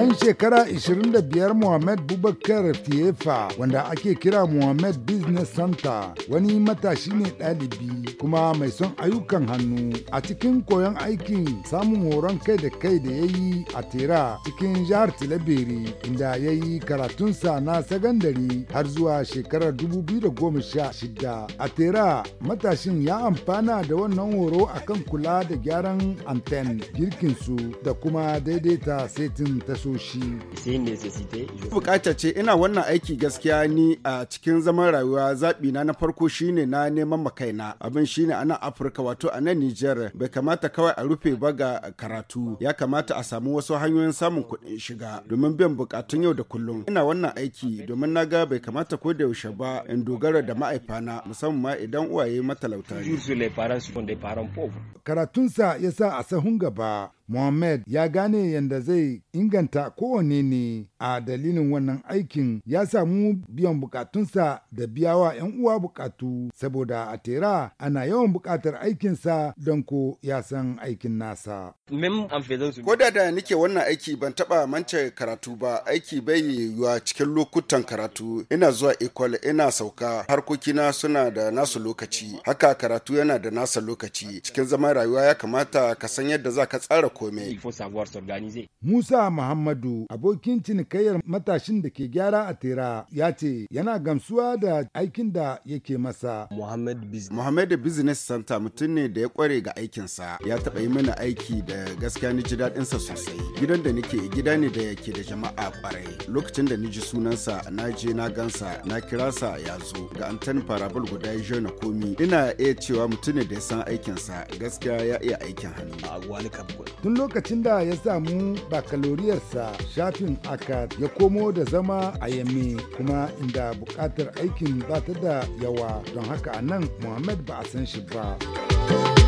ɗan shekara 25 Mohamed Bubakar Tiefa wanda ake kira Mohamed Business Center wani matashi ne ɗalibi kuma mai son ayyukan hannu a cikin koyon aikin samun horon kai da kai da ya yi a tera cikin jihar Tilabere inda ya yi karatunsa na sagandari har zuwa shekarar 2016 a tera matashin ya amfana da wannan horo akan kula da gyaran anten girkinsu da kuma daidaita setin taso so shi bukata ce ina wannan aiki gaskiya ni a cikin zaman rayuwa zaɓi na na farko shine na neman makaina abin shine a nan afirka wato a nan nijar bai kamata kawai a rufe ba ga karatu ya kamata a samu wasu hanyoyin samun kuɗin shiga domin biyan bukatun yau da kullum ina wannan aiki domin na ga bai kamata ko da yaushe ba in dogara da ma'aifana musamman ma idan uwaye matalauta ne karatunsa ya sa a sahun gaba Mohammed ya gane yadda zai inganta kowane ne a dalilin wannan aikin ya samu biyan bukatunsa da biyawa 'yan uwa bukatu saboda a tera ana yawan bukatar aikinsa don ko ya san aikin nasa. Ko da da nike wannan aiki ban taba mance karatu ba aiki bai yiwuwa cikin lokutan karatu ina zuwa ikol ina sauka harkokina suna da nasu lokaci haka karatu yana da nasa lokaci cikin zaman rayuwa ya kamata ka san yadda za ka tsara komai. Musa Muhammadu abokin cinik cinikayyar matashin da ke gyara a tera ya ce yana gamsuwa da aikin da yake masa. Muhammad Business Center mutum ne da ya kware ga aikinsa ya taba yi mana aiki da gaskiya ni ji daɗinsa sosai. Gidan da nake gida ne da yake da jama'a kwarai. Lokacin da ni ji sunansa na je na gansa na kira sa ya zo ga antan farabul guda ya na komi. Ina iya cewa mutum ne da ya san aikinsa gaskiya ya iya aikin hannu. Tun lokacin da ya samu bakaloriyarsa shafin aka Chad ya komo da zama a Yamme kuma inda buƙatar aikin ba ta da yawa don haka a nan Muhammad ba a san shi ba.